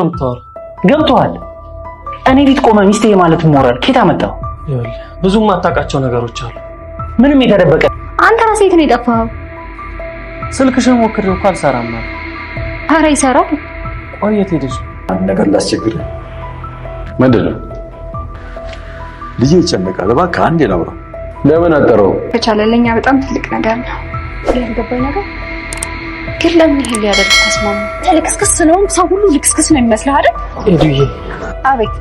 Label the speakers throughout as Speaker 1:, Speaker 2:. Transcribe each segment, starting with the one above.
Speaker 1: ነው የምታወራው። ገብቶሃል? እኔ ቤት ቆመ ሚስቴ ማለት ሞራል ኬት አመጣው?
Speaker 2: ብዙም የማታውቃቸው ነገሮች አሉ።
Speaker 1: ምንም የተደበቀ
Speaker 3: አንተ ራስህ የት ነው የጠፋኸው?
Speaker 2: ስልክሽን ሞክሬው እኮ አልሰራም አለ። ኧረ ይሰራል። ቆይ የት ሄደሽ?
Speaker 4: አንድ ነገር ላስቸግርህ። ምንድን ነው? ልጄ ይጨነቃል። እባክህ አንዴ ላውራ። ለምን አጠረው?
Speaker 3: ከቻለ ለእኛ በጣም ትልቅ ነገር ነው። ያልገባኝ ነገር ግን ለምን ይሄን ሊያደርግ ተስማማ? አንተ ልክስክስ ነው፣ ሰው ሁሉ ልክስክስ ነው የሚመስልህ አይደል? እንዲህ አቤት፣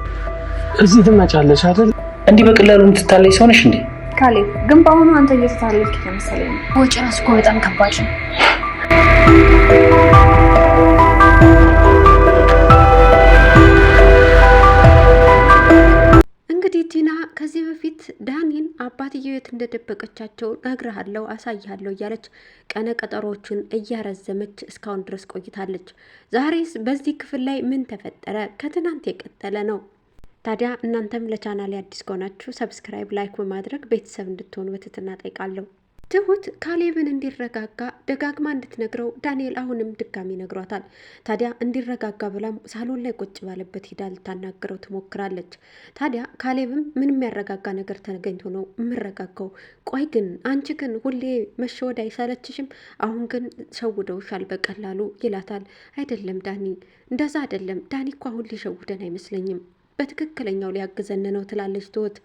Speaker 4: እዚህ ትመጫለሽ አይደል? እንዲህ በቀላሉ የምትታለይ ሰው ነሽ እንዴ?
Speaker 3: ካሌብ፣ ግን በአሁኑ አንተ እየተታለልክ መሰለኝ። ወጪ ራሱ እኮ በጣም ከባድ ነው።
Speaker 5: እናትዬ የት እንደደበቀቻቸው ነግረሃለሁ፣ አሳይሃለሁ እያለች ቀነ ቀጠሮዎቹን እያረዘመች እስካሁን ድረስ ቆይታለች። ዛሬስ በዚህ ክፍል ላይ ምን ተፈጠረ? ከትናንት የቀጠለ ነው። ታዲያ እናንተም ለቻናሌ አዲስ ከሆናችሁ ሰብስክራይብ፣ ላይክ በማድረግ ቤተሰብ እንድትሆኑ በትህትና ጠይቃለሁ። ትሁት ካሌብን እንዲረጋጋ ደጋግማ እንድትነግረው ዳንኤል አሁንም ድጋሚ ነግሯታል። ታዲያ እንዲረጋጋ ብላም ሳሎን ላይ ቁጭ ባለበት ሂዳ ልታናግረው ትሞክራለች። ታዲያ ካሌብም ምን የሚያረጋጋ ነገር ተገኝቶ ነው የምረጋጋው? ቆይ ግን አንቺ ግን ሁሌ መሸወድ አይሰለችሽም? አሁን ግን ሸውደውሻል በቀላሉ ይላታል። አይደለም ዳኒ፣ እንደዛ አይደለም ዳኒ እኮ አሁን ሊሸውደን አይመስለኝም በትክክለኛው ሊያግዘን ነው ትላለች ትሁት።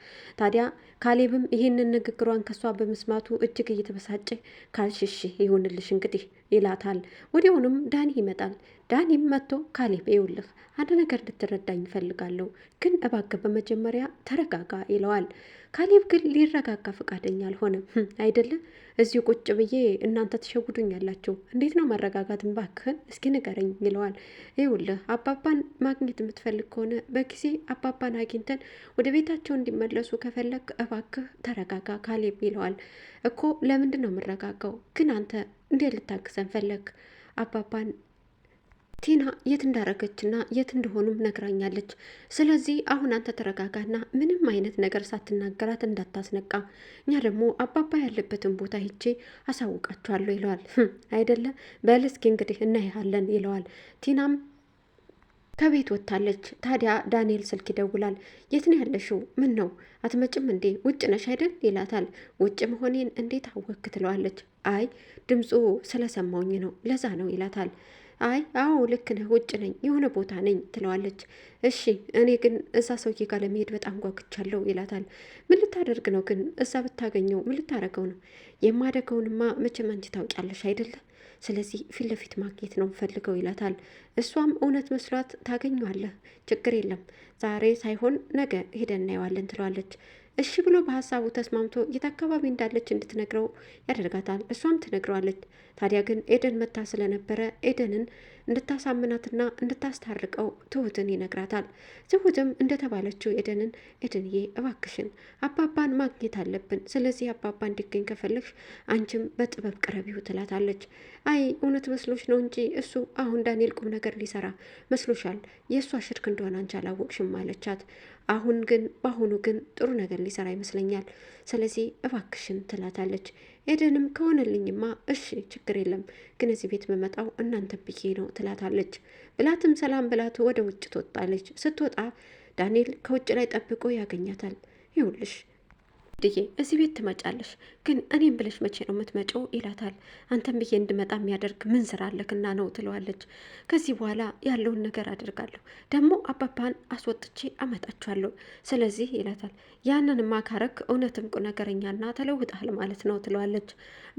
Speaker 5: ታዲያ ካሌብም ይህንን ንግግሯን ከሷ በመስማቱ እጅግ እየተበሳጨ ካልሽሽ ይሆንልሽ እንግዲህ ይላታል። ወዲያውኑም ዳኒ ይመጣል። ዳኒም መጥቶ ካሌብ ይውልህ አንድ ነገር እንድትረዳኝ ይፈልጋለሁ ግን እባክህ በመጀመሪያ ተረጋጋ ይለዋል። ካሌብ ግን ሊረጋጋ ፈቃደኛ አልሆነም። አይደለም እዚሁ ቁጭ ብዬ እናንተ ያላችሁ እንዴት ነው መረጋጋት ባክህን እስኪ ንገረኝ ይለዋል። ይውልህ አባባን ማግኘት የምትፈልግ ከሆነ በጊዜ አባባን አግኝተን ወደ ቤታቸው እንዲመለሱ ከፈለግ እባክህ ተረጋጋ ካሌብ ይለዋል። እኮ ለምንድን ነው የምረጋጋው? ግን አንተ እንዴት ልታግዘን ፈለግ አባባን ቲና የት እንዳረገችና የት እንደሆኑም ነግራኛለች። ስለዚህ አሁን አንተ ተረጋጋና ምንም አይነት ነገር ሳትናገራት እንዳታስነቃ፣ እኛ ደግሞ አባባ ያለበትን ቦታ ሄቼ አሳውቃችኋለሁ ይለዋል። አይደለ በል እስኪ እንግዲህ እናይሃለን ይለዋል። ቲናም ከቤት ወጥታለች። ታዲያ ዳንኤል ስልክ ይደውላል። የት ነው ያለሽው? ምን ነው አትመጭም እንዴ? ውጭ ነሽ አይደል? ይላታል። ውጭ መሆኔን እንዴት አወክ? ትለዋለች። አይ ድምፁ ስለሰማውኝ ነው ለዛ ነው ይላታል። አይ አዎ ልክ ነህ፣ ውጭ ነኝ፣ የሆነ ቦታ ነኝ ትለዋለች። እሺ እኔ ግን እዛ ሰውዬ ጋር ለመሄድ በጣም ጓጉቻለሁ ይላታል። ምን ልታደርግ ነው ግን እዛ ብታገኘው ምን ልታረገው ነው? የማደገውንማ መቼም አንቺ ታውቂያለሽ አይደለ? ስለዚህ ፊት ለፊት ማግኘት ነው ፈልገው ይላታል። እሷም እውነት መስሏት ታገኘዋለህ፣ ችግር የለም ዛሬ ሳይሆን ነገ ሄደን እናየዋለን ትለዋለች። እሺ ብሎ በሀሳቡ ተስማምቶ የት አካባቢ እንዳለች እንድትነግረው ያደርጋታል። እሷም ትነግረዋለች። ታዲያ ግን ኤደን መታ ስለነበረ ኤደንን እንድታሳምናትና እንድታስታርቀው ትሁትን ይነግራታል። ትሁትም እንደተባለችው ኤደንን ኤደንዬ እባክሽን አባባን ማግኘት አለብን፣ ስለዚህ አባባ እንዲገኝ ከፈለግሽ አንቺም በጥበብ ቅረቢው ትላታለች። አይ እውነት መስሎች ነው እንጂ እሱ አሁን ዳንኤል ቁም ነገር ሊሰራ መስሎሻል፣ የእሷ ሽርክ እንደሆነ አንቺ አላወቅሽም አለቻት። አሁን ግን በአሁኑ ግን ጥሩ ነገር ሊሰራ ይመስለኛል፣ ስለዚህ እባክሽን ትላታለች። ኤደንም ከሆነልኝማ እሺ ችግር የለም ግን እዚህ ቤት መመጣው እናንተ ብዬ ነው ትላታለች። ብላትም ሰላም ብላት ወደ ውጭ ትወጣለች። ስትወጣ ዳንኤል ከውጭ ላይ ጠብቆ ያገኛታል። ይውልሽ ውድዬ እዚህ ቤት ትመጫለሽ፣ ግን እኔም ብለሽ መቼ ነው የምትመጪው ይላታል። አንተም ብዬ እንድመጣ የሚያደርግ ምን ስራ አለክና ነው ትለዋለች። ከዚህ በኋላ ያለውን ነገር አድርጋለሁ፣ ደግሞ አባባን አስወጥቼ አመጣችኋለሁ። ስለዚህ ይላታል። ያንን ማካረክ እውነትም ቁ ነገረኛና ተለውጣል ማለት ነው ትለዋለች።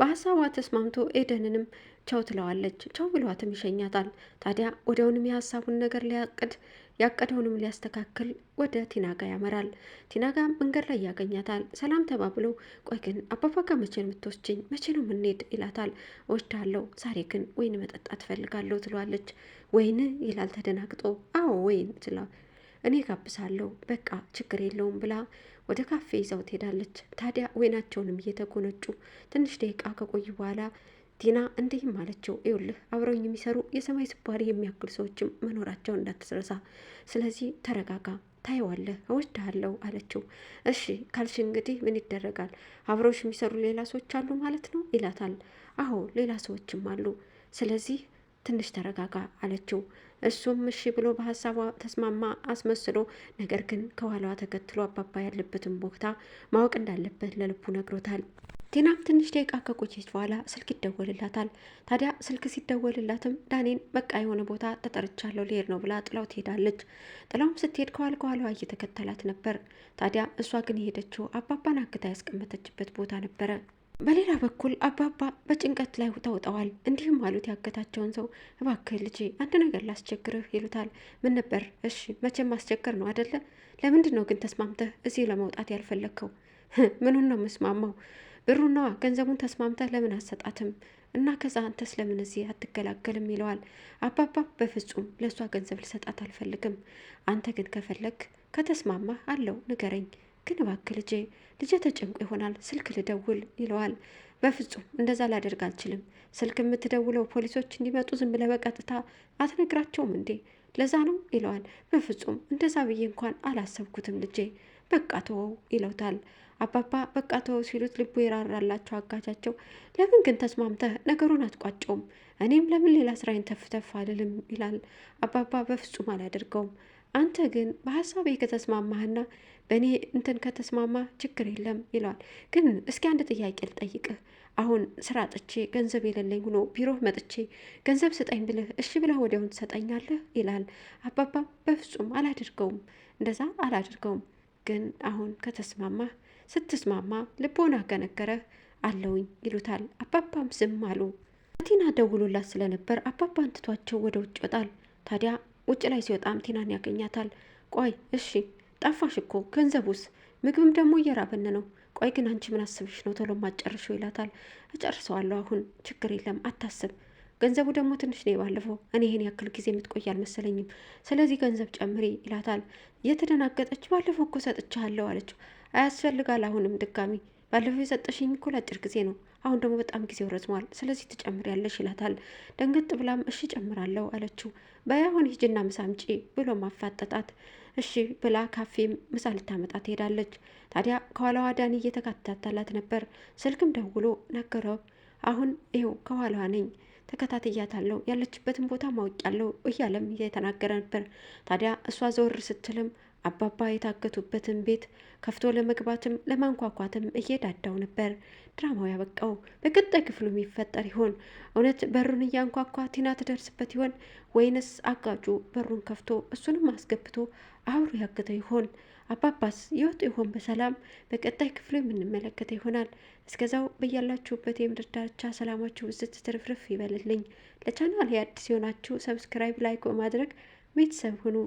Speaker 5: በሀሳቧ ተስማምቶ ኤደንንም ቸው ትለዋለች። ቸው ብሏትም ይሸኛታል። ታዲያ ወዲያውንም የሀሳቡን ነገር ሊያቅድ ያቀደውንም ሊያስተካክል ወደ ቲናጋ ያመራል። ቲናጋ መንገድ ላይ ያገኛታል። ሰላም ተባብሎ ቆይ ግን አባባ ጋ መቼ ነው የምትወስጂኝ? መቼ ነው የምንሄድ? ይላታል። አለው ዛሬ ግን ወይን መጠጣት ትፈልጋለሁ ትሏለች። ወይን ይላል ተደናግጦ። አዎ ወይን ትላ እኔ ጋብሳለሁ፣ በቃ ችግር የለውም ብላ ወደ ካፌ ይዛው ትሄዳለች። ታዲያ ወይናቸውንም እየተጎነጩ ትንሽ ደቂቃ ከቆዩ በኋላ ቲና እንዲህም አለችው፣ ይኸውልህ አብረውኝ የሚሰሩ የሰማይ ስባሪ የሚያክል ሰዎችም መኖራቸው እንዳትረሳ። ስለዚህ ተረጋጋ፣ ታየዋለህ፣ እወድሃለሁ አለችው። እሺ ካልሽ እንግዲህ ምን ይደረጋል? አብረውሽ የሚሰሩ ሌላ ሰዎች አሉ ማለት ነው ይላታል። አዎ ሌላ ሰዎችም አሉ። ስለዚህ ትንሽ ተረጋጋ አለችው። እሱም እሺ ብሎ በሀሳቧ ተስማማ አስመስሎ፣ ነገር ግን ከኋላዋ ተከትሎ አባባ ያለበትን ቦታ ማወቅ እንዳለበት ለልቡ ነግሮታል። ቴናም ትንሽ ደቂቃ ከቆየች በኋላ ስልክ ይደወልላታል። ታዲያ ስልክ ሲደወልላትም ዳኔን በቃ የሆነ ቦታ ተጠርቻለሁ ልሄድ ነው ብላ ጥላው ትሄዳለች። ጥላውም ስትሄድ ከኋላ ከኋላዋ እየተከተላት ነበር። ታዲያ እሷ ግን የሄደችው አባባን አግታ ያስቀመጠችበት ቦታ ነበረ። በሌላ በኩል አባባ በጭንቀት ላይ ተውጠዋል። እንዲህም አሉት ያገታቸውን ሰው እባክህ ልጄ አንድ ነገር ላስቸግርህ ይሉታል። ምን ነበር? እሺ መቼም ማስቸገር ነው አደለ? ለምንድን ነው ግን ተስማምተህ እዚህ ለመውጣት ያልፈለግከው? ምኑን ነው መስማማው ብሩና ገንዘቡን ተስማምተህ ለምን አሰጣትም እና ከዛ አንተስ ለምን እዚህ አትገላገልም ይለዋል። አባባ በፍጹም ለእሷ ገንዘብ ልሰጣት አልፈልግም። አንተ ግን ከፈለግ ከተስማማ አለው ንገረኝ። ግን እባክህ ልጄ ልጄ ተጨንቆ ይሆናል ስልክ ልደውል ይለዋል። በፍጹም እንደዛ ላደርግ አልችልም። ስልክ የምትደውለው ፖሊሶች እንዲመጡ ዝም ብለህ በቀጥታ አትነግራቸውም እንዴ? ለዛ ነው ይለዋል። በፍጹም እንደዛ ብዬ እንኳን አላሰብኩትም ልጄ በቃ ተወው ይለውታል። አባባ በቃ ተወው ሲሉት ልቡ የራራላቸው አጋቻቸው ለምን ግን ተስማምተህ ነገሩን አትቋጨውም? እኔም ለምን ሌላ ስራዬን ተፍተፍ አልልም ይላል። አባባ በፍጹም አላደርገውም። አንተ ግን በሀሳቤ ከተስማማህና በእኔ እንትን ከተስማማ ችግር የለም ይለዋል። ግን እስኪ አንድ ጥያቄ ልጠይቅህ። አሁን ስራ ጥቼ ገንዘብ የሌለኝ ሆኖ ቢሮ መጥቼ ገንዘብ ስጠኝ ብልህ እሺ ብለህ ወዲያውን ትሰጠኛለህ? ይላል። አባባ በፍጹም አላደርገውም፣ እንደዛ አላደርገውም ግን አሁን ከተስማማ ስትስማማ ልቦና አገነገረ አለውኝ ይሉታል። አባባም ዝም አሉ። ቲና ደውሎላት ስለነበር አባባን ትቷቸው ወደ ውጭ ይወጣል። ታዲያ ውጭ ላይ ሲወጣም ቲናን ያገኛታል። ቆይ እሺ ጠፋሽ እኮ ገንዘቡስ? ምግብም ደግሞ እየራበን ነው። ቆይ ግን አንቺ ምን አስብሽ ነው ቶሎ ማጨርሽው? ይላታል። እጨርሰዋለሁ አሁን ችግር የለም አታስብ ገንዘቡ ደግሞ ትንሽ ነው የባለፈው። እኔ ይሄን ያክል ጊዜ የምትቆይ አልመሰለኝም። ስለዚህ ገንዘብ ጨምሪ ይላታል። የተደናገጠች ባለፈው እኮ ሰጥቻለሁ አለችው። አያስፈልጋል። አሁንም ድጋሚ ባለፈው የሰጠሽኝ እኮ ለአጭር ጊዜ ነው። አሁን ደግሞ በጣም ጊዜው ረዝሟል። ስለዚህ ትጨምሪያለሽ ይላታል። ደንገጥ ብላም እሺ ጨምራለሁ አለችው። በይ አሁን ሂጂና ምሳ አምጪ ብሎ ማፋጠጣት እሺ ብላ ካፌም ምሳ ልታመጣ ትሄዳለች። ታዲያ ከኋላዋ ዳኒ እየተከታተላት ነበር። ስልክም ደውሎ ነገረው። አሁን ይኸው ከኋላዋ ነኝ ተከታትያታለሁ፣ ያለችበትን ቦታ ማወቅ ያለው እያለም እየተናገረ ነበር። ታዲያ እሷ ዘወር ስትልም አባባ የታገቱበትን ቤት ከፍቶ ለመግባትም ለማንኳኳትም እየዳዳው ነበር። ድራማው ያበቃው በቀጣይ ክፍሉ የሚፈጠር ይሆን? እውነት በሩን እያንኳኳ ቲና ትደርስበት ይሆን? ወይንስ አጋጩ በሩን ከፍቶ እሱንም አስገብቶ አብሮ ያገተው ይሆን? አባባስ ይወጡ ይሆን በሰላም? በቀጣይ ክፍሉ የምንመለከተው ይሆናል። እስከዛው በያላችሁበት የምድር ዳርቻ ሰላማችሁ ብዝት ትርፍርፍ ይበልልኝ። ለቻናል አዲስ የሆናችሁ ሰብስክራይብ፣ ላይክ በማድረግ ቤተሰብ ሁኑ።